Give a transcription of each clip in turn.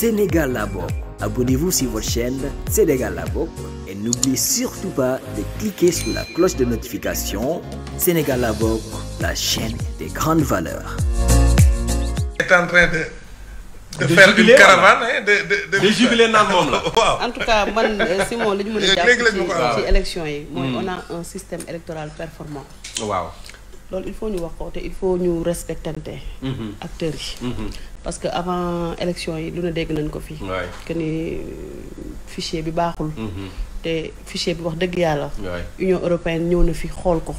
Sénégal la Abonnez-vous sur votre chaîne Sénégal la et n'oubliez surtout pas de cliquer sur la cloche de notification Sénégal la la chaîne des grandes valeurs. est en train de. faire une caravane hein, de jubiler en tout cas c'est euh, Simon élection hmm. on a un système électoral performant. Wow. il faut nous apporter, il faut nous respecter acteurs parce que avant élection yi lu dégg nañ ko fi que ni euh, fichier bi baaxul mm-hmm. te fichier bi wax dëgg yàlla union européenne ñëw na fi ko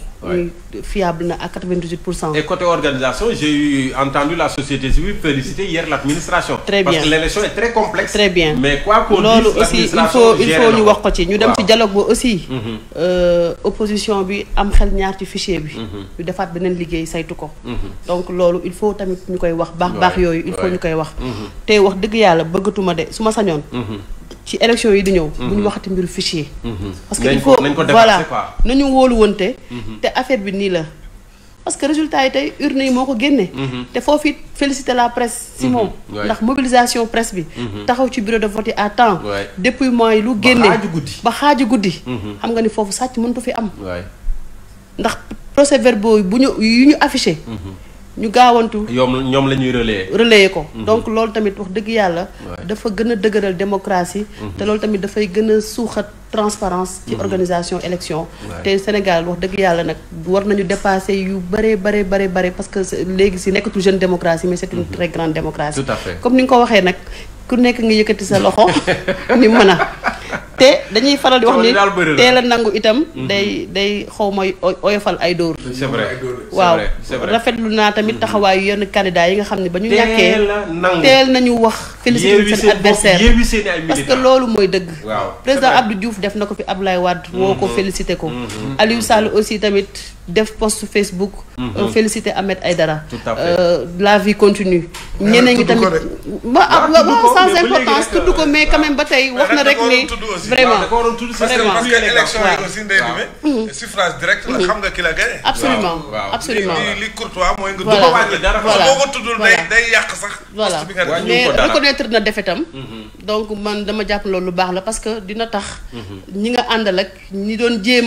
fiable na à 98 et côté organisation j'ai eu entendu la société civile féliciter hier l'administration très bien parce que l'élection est très complexe très bien mais quoi qu'on dise il faut il faut ñu wax ko ci ñu dem ci dialogue ba aussi mm-hmm. euh, opposition bi am xel ñaar ci fichier bi mm-hmm. ñu defaat beneen liggéey saytu ko donc loolu il faut tamit ñu koy wax baax baax il faut ñu koy wax mhm. te wax dëgg yàlla bëggatuma de su ma sañoon mhm. ci élection yi di ñëw bu mhm. ñu waxati mbiru fichier parce que il faut voilà nañu wóolu wante te affaire bi nii la parce que résultat yi tey urne yi moo ko génne te foofu it féliciter la presse si moom ndax mobilisation presse bi taxaw ci bureau de vote yi à temps dépouillement yi lu génne ba xaaju guddi xam nga ni foofu sàcc mëntu fi am ndax procès verbaux bu ñu yu ñu affiché ñu gaawantu. ñoom ñoom la relayer. relayer ko mhm. donc lool tamit wax dëgg yalla dafa gëna dëgeural démocratie. Mhm. té lool tamit da fay gëna suxat transparence ci mhm. organisation élection. té Sénégal wax dëgg yalla nak war nañu dépasser yu bare bare bare bare parce que légui si nekkatul jeune démocratie mais c'est une très grande démocratie. tout à fait comme ni nga ko waxee nag ku nekk nga yëkëti sa loxo ni mëna te dañuy faral di wax ni teel a nangu itam. Mhm. day day xaw ma oyofal ay dóor. c'est vrai waaw naa tamit mhm. taxawaayu yenn candidat yi nga xam ne ba ñu ñàkkee teel nañu wax félicité seen adversaire parce que loolu mooy dëgg. président Abdou Diouf def na ko fi Abdoulaye Wade woo ko mhm. félicité ko. Aliou Sall aussi tamit def post Facebook. Euh, félicité Ahmed Aïdara. Euh, la vie continue. Euh, ñeneen tamit ah, ba am sans importance tudd ko mais quand ba tey wax na rek ni. Vraiment, aussi vraiment ah, d'accord vraiment, ça parce que élection yi aussi suffrage direct la xam nga ki la gagné absolument absolument li li courtois mooy nga voilà. voilà. voilà. voilà. voilà mais reconnaître na defetam mhm. donc man dama jàpp loolu lu baax la parce que mhm. nga ak doon di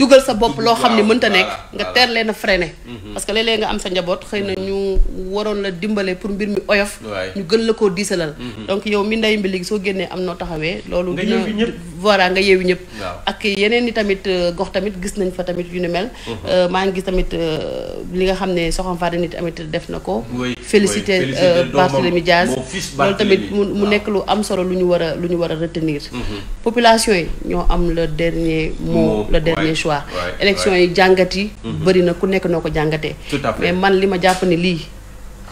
dugal sa bopp loo xam ne mënta nga teel leen a mhm. parce que nga am sa njaboot xëy ñu waroon la dimbale pour mbir mi oyof ñu gën la koo diisalal donc yow mi mbi am noo taxawee Mm-hmm. nga yeewi ñëpp nga yeewi ñëpp ak yeneen i tamit euh, gox tamit gis nañ fa tamit yu ni mel mm-hmm. euh, maa ngi gis tamit euh, li nga xam ne soxam fa nit tamit def na ko félicité Barthélémy Diaz loolu tamit mu nekk lu am solo lu ñu war a lu ñu war a retenir mm-hmm. population yi ñoo am le dernier mot le dernier choix élection yi jàngat yi bëri na ku nekk noo ko jàngatee mais man li ma jàpp lii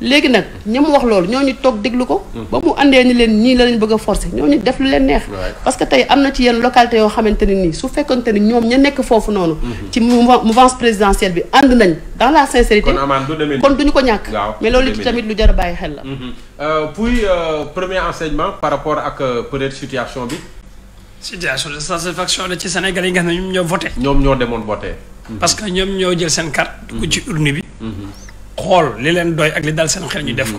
léegi nag ña mu wax loolu ñoo ñu toog déglu ko. Hmm. ba mu andee ni leen ñii la leen bëgg a forcé ñooñu def lu leen neex. parce que tey am na ci yenn localité yoo xamante ne nii su fekkonte ni ñoom ña nekk foofu noonu. Hmm. ci mouvance présidentielle bi ànd nañ dans la sincérité. kon duñu ko ñàkk. mais tamit lu jar a bàyyi xel la. Hmm, euh, puis euh, premier enseignement par rapport ak euh, peut-être situation bi. situation de satisfaction la ci Sénégal yi nga xam ne ñoom ñoo voté. ñoom ñoo demoon voté. parce que ñoom ñoo jël seen carte. dugg ci urne bi. xool li leen doy ak li dal seen xel ñu def ko.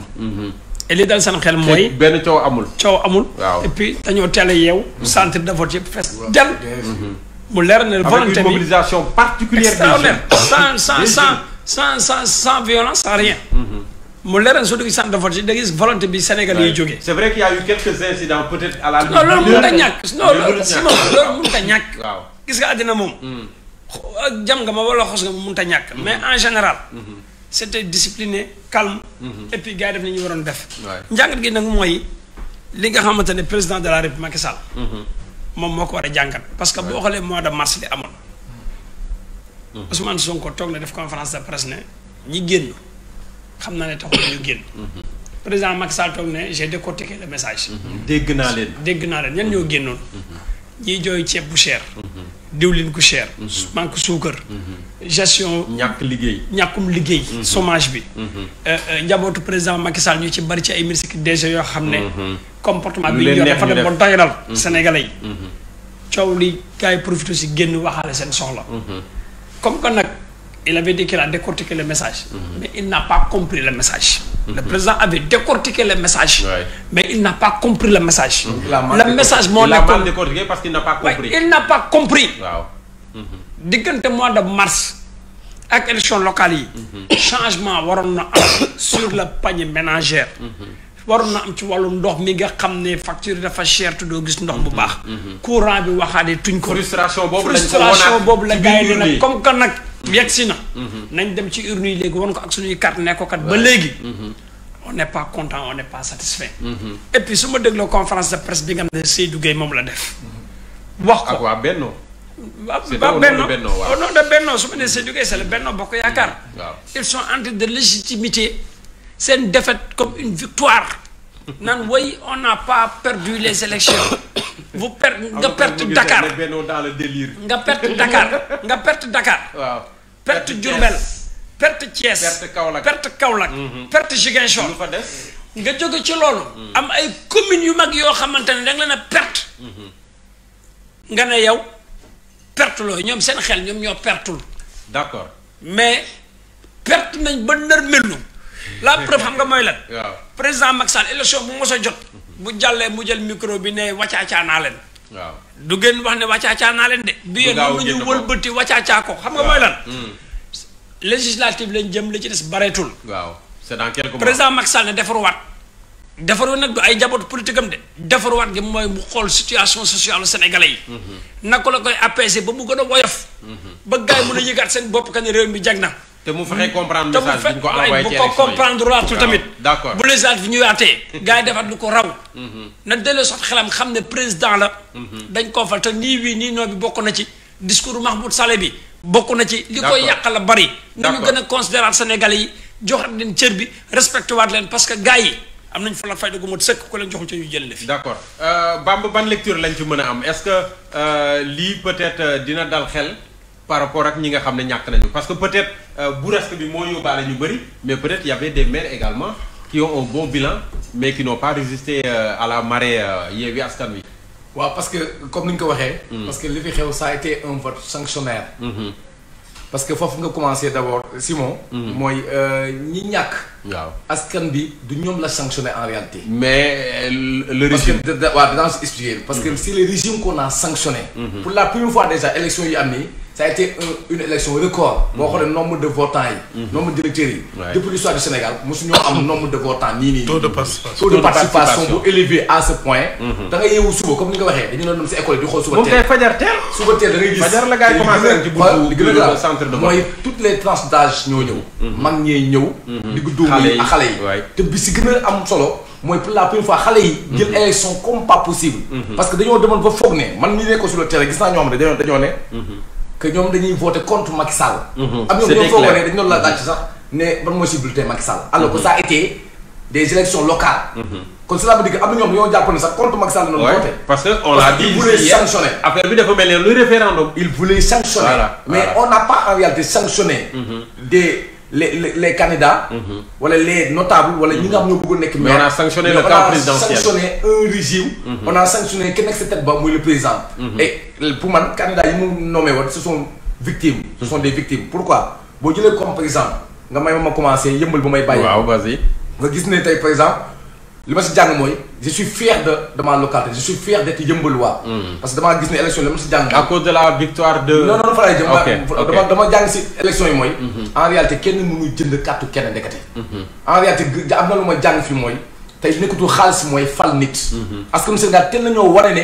et li dal seen xel mooy. benn ciow amul. ciow amul. waaw et puis dañoo teel yew centre mhm. de vote yëpp fees del mhm. mu leer na volonté bi mobilisation particulière sans sans sans sans sans sans violence sans rien. Mhm. mu leer na soo dugg centre de vote yi da gis volonté bi Sénégal yiy jógee. c'est vrai qu'il y a eu quelques incidents peut-être à la. non loolu mënut a ñàkk non loolu sinon loolu mënut a ñàkk. gis nga àddina moom. Mm. jam nga ma wala xos nga ma ta a ñàkk. Mm-hmm. mais en général. Mm-hmm. c'était discipliné calme mhm. et puis gars def ni ñu waron def jangat gi nak moy li nga xamantene président de la république Macky Sall mom mhm. moko wara jangat parce que bo xalé mois de mars li amone mhm. Ousmane Sonko tok na def conférence de presse ne ñi genn xamna né ne taxul ñu genn président Macky Sall tok ne j'ai décortiqué le message dégg na len dégg na len ñan ñoo gennon ñi joy ci bu cher diwlin ku cher. Mhm. manque suukar. Mhm. gestion ñak liggéey. ñakum liggéey. Mhm. chômage bi. Euh, euh njabootu président Macky Sall ñu ci bari ci ay ministres DG yo xamné comportement bi ñu yor dafa dem ba Sénégalais yi. coow li gars yi profité si génn waxaale seen soxla. comme que nak il avait dit qu'il a décortiqué le message. mais il n'a pas compris le message. Le président avait décortiqué le message, mais il n'a pas compris le message. Le message, mon Il mal décortiqué parce qu'il n'a pas compris. il n'a pas compris. Wow. le mois de mars avec l'élection locale yi. Mhm. changement sur le panier ménagère. Mhm. waroon a am ci wàllu ndox mi nga xamné facture dafa cher tu do gis ndox bu baax. Mhm. courant bi waxaade tuñ ko. frustration bobu frustration bob la gars nak comme que nak yegg si na. nañ dem ci urne yi won ko ak suñuy ne ko mm-hmm. on n'est pas content on n'est pas satisfait. Mm-hmm. et puis su ma de conférence de presse bi nga xam ne Seydou Gueye moom la def. Mm-hmm. wax quoi, Benno? waa Benno. benno waaw non de Benno su Seydou c'est le Benno Bokk yakar. ils sont en train de légitimité une défaite comme une victoire. Nan way on n'a pas perdu les élections vous per ah, nga perte Dakar nga perte Dakar perte Dakar. vous perte perte Thiès perte Kaolack perte Kaolack. Mhm. perte nga ci mhm. am ay yu mag perte. Mhm. nga ne yow perte lo ñom seen xel ñoo d'accord mais perte nañ la preuve xam nga lan. président élection bu jàllee mu jël micro bi ne wàccaacaa naa leen. waaw du gën wax ne wàccaacaa naa leen de. bi yéen mën nañu wëlbati wàccaacaa ko xam nga mooy lan. Hmm. législative lañ jëm li ci des bareetul. waaw c'est dans quelques mois président Macky Sall ne defaruwaat. defaru nag du ay jaboot politique am de. defaruwaat gi mooy mu xool situation sociale sénégalais yi. Hmm. naka la koy apaiser ba mu gën a woyof. Hmm. ba gars yi mën a yëgaat seen bopp ka ne réew mi jag na. te mu fexe comprendre message bi ñu ko envoyé ci bu ko comprendre laatul tamit. d'accord bu les alphes ñuy àttee. gars yi defaat lu ko raw. Mhm. na delloo sax xelam xam ne président la. Mhm. dañ koo fal te nii wii nii noo bi bokk na ci discours Mahmoud Saleh bi. bokk na ci li koy yàq la bari. d'accord ñu gën a considérer Sénégalais yi jox leen cër bi respecté waat leen parce que gars yi am nañ fa la fayda gu mot sëkk ku leen joxul ci ñu jël la fi. d'accord euh, Bamba ban lecture lañ ci mën a am est-ce que euh, lii peut-être euh, dina dal xel. par rapport à ce que parce que peut-être euh, bourrasque bi moo yóbbaale ñu mais peut-être y avait des maires également qui ont un bon bilan mais qui n'ont pas résisté euh, à la marée euh, Yewwi Askan parce que comme nous le ko hmm. parce que li ça a été un vote sanctionnaire. Mm-hmm. parce que faut commencer d'abord Simon. Mm-hmm. moi, ñi ñàkk. waaw askan bi du la sanctionné en réalité. mais le régime. parce que parce que mm-hmm. c'est le régime qu'on a sanctionné. pour la première fois déjà l'élection yi amenée, ça a été un, une élection record. boo le mhm. nombre de votants mhm. nombre de directeurs yi. depuis l'histoire du Sénégal nous ñoo am nombre de votants ni, ni, taux de participation taux de participation élevé à ce point. Mhm. da nga yeewu suba comme ni nga ko waxee dañu doon dem si école yi di xool suba teel. moom kay fajar teel. suba teel da ngay gis la gars commencé ci buntu toutes les tranches d'âge ñoo ñëw. mag ñee ñëw. diggu dóom yi ak xale yi te bi si gën am solo. pour la première fois xale yi. jël élection comme pas possible. parce que dañoo demoon ba foog ne man mii sur le terrain gis naa ñoo xam ne dañoo que ñom dañuy voter contre Macky Sall. Mhm. am ñoom ñoo foogoo ne dañu doon la dacc mhm. sax ne ban mooy civilité Macky Sall. alors que mhm. ça était des élections locales. kon cela veut dire que am ñom ñoo jàpp ne sax contre Macky Sall. doon voté parce que on l'a dit hier affaire bi dafa mel ne lu référendum. il voulait sanctionner. mais on n'a pas en réalité sanctionné. des les les, candidats. Mhm. wala mm -hmm. les notables wala ñi nga xam ñoo bëgg maire. on a sanctionné le camp présidentiel on a sanctionné un régime. Mhm. on a sanctionné ki nekk cette tête ba muy le président. Mhm. et pour man candidat yi mu nommé woon ce sont victimes. ce sont des victimes pourquoi je le comme par exemple nga may ma commencé yëmbal ba may bàyyi. waaw vas-y nga gis ne tey par exemple. li ma si jàng mooy je suis fier de de ma localité je suis fier d'être Yeumbeul waa. Hmm. parce que damaa gis ne élection li ma si jàng. à cause de la victoire de. non non fa laay jëm. dama jàng si élection yi mooy. Hmm. en réalité kenn mënu jënd kàttu kenn ndekete. Hmm. en réalité am na lu ma jàng fii mooy tey nekkutul xaalis mooy fal nit. parce que monsieur Ndar teel nañoo wane ne.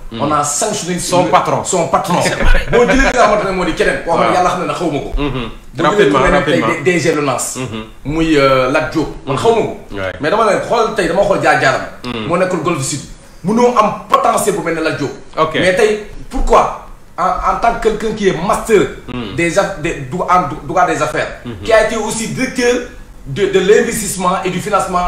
on a sanctionné son patron son patron. boo jëlee nga xamante ne di keneen. xam xam na mhm. mhm. euh, man mais dama tay dama jaar-jaaram. Mhm. Sud. am potentiel bu mais pourquoi en tant que quelqu'un qui est master. des des en des affaires. qui a été aussi directeur de de l'investissement et du financement.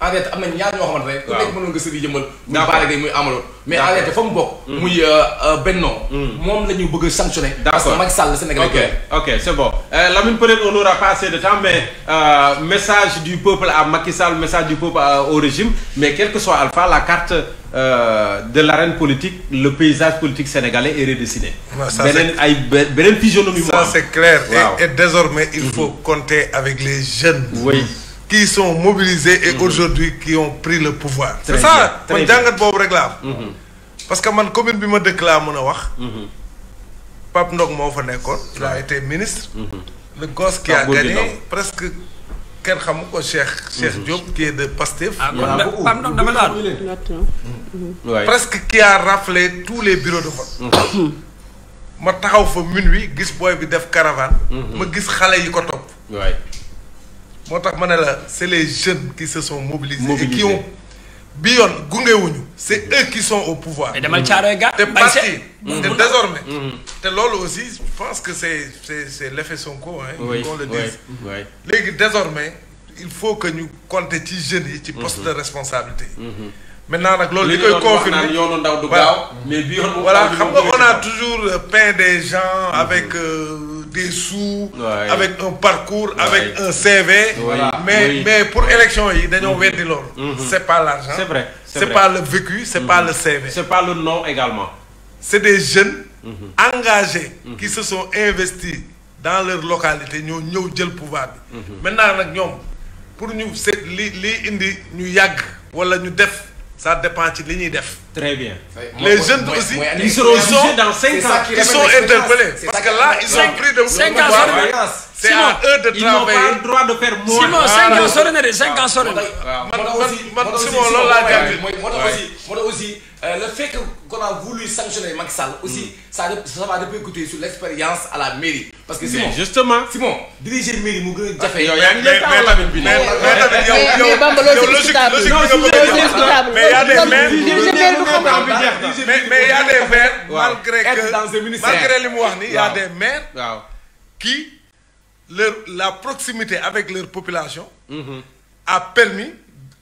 en réalité am nañ ñaar ñoo xamante ne. ku nekk mënoon nga sëriñ jëmbal. muy Balla Gaye muy Amadou. mais en réalité fa mu bokk. Mm. muy euh, euh, Benno. Mm. moom la ñu bëgg a sanctionné. d' accord parce que Macky Sall Sénégal ok ok c' est bon euh, Lamine peut-être on aura pas assez de temps mais message du peuple à Macky Sall message du peuple au régime mais quel que soit Alpha la carte. Euh, de l'arène politique le paysage politique sénégalais est redessiné. beneen ay beneen physionomie. ça c'est clair wow. et, et désormais il mm-hmm. faut compter avec les jeunes. oui qui sont mobilisés et mhm. aujourd'hui qui ont pris le pouvoir. c'est ça On jàngat bob rek mhm. parce que mon commune me déclare mon laa pas a wax. Mhm. Pape Ndok il a été ministre. le gosse qui a gagné presque Quel xamu Cheikh. Cheikh Diop qui est de Pastef. presque qui a raflé tous les bureaux de vote. ma taxaw fa minuit gis booy bi def caravane. ma gis yi ko c'est les jeunes qui se sont mobilisés. et qui ont bion eux qui sont au pouvoir. mais parti mm. désormais. Mm. aussi je pense que c'est l'effet son cours. Hein, on le désormais il faut que nous, comptions des jeunes et ci postes de mm-hmm. responsabilité maintenant on a toujours peint des gens avec euh, des sous avec un parcours avec un CV mais mais pour élection ils mhm. Ce mhm. c'est pas l'argent c'est vrai c'est pas le vécu c'est pas mhm. le CV c'est pas le nom également c'est des jeunes engagés qui se sont investis dans leur localité jël pouvoir maintenant pour nous, c'est li indi ñu yag wala ñu ça dépend de l'union Très bien. Les jeunes aussi, ils seront dans 5 ans. Ils sont interpellés. Parce que là, ils ont pris de vous. 5 ans sur C'est à eux de travailler. Ils n'ont pas le droit de faire moins. Simon, 5 ans sur 5 ans sur Simon, Moi aussi, moi aussi. Euh, le fait qu'on a voulu sanctionner Macky aussi, mm. ça, ça, va répercuter sur l'expérience à la mairie. Parce que Simon, justement. Simon, diriger une mairie, ah, il Mais il y a des maires, malgré que. Malgré les il y a des maires qui, la proximité avec leur population mm-hmm. a permis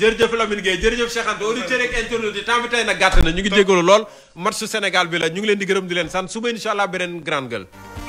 jërëjëf Lamine Gueye jërëjëf Cheikh Anta auditeurs ak internautes yi temps bi tey nag gàtt na ñu ngi jégalu lool match Sénégal bi la ñu ngi leen di gërëm di leen sant suba incha allah beneen grande gueule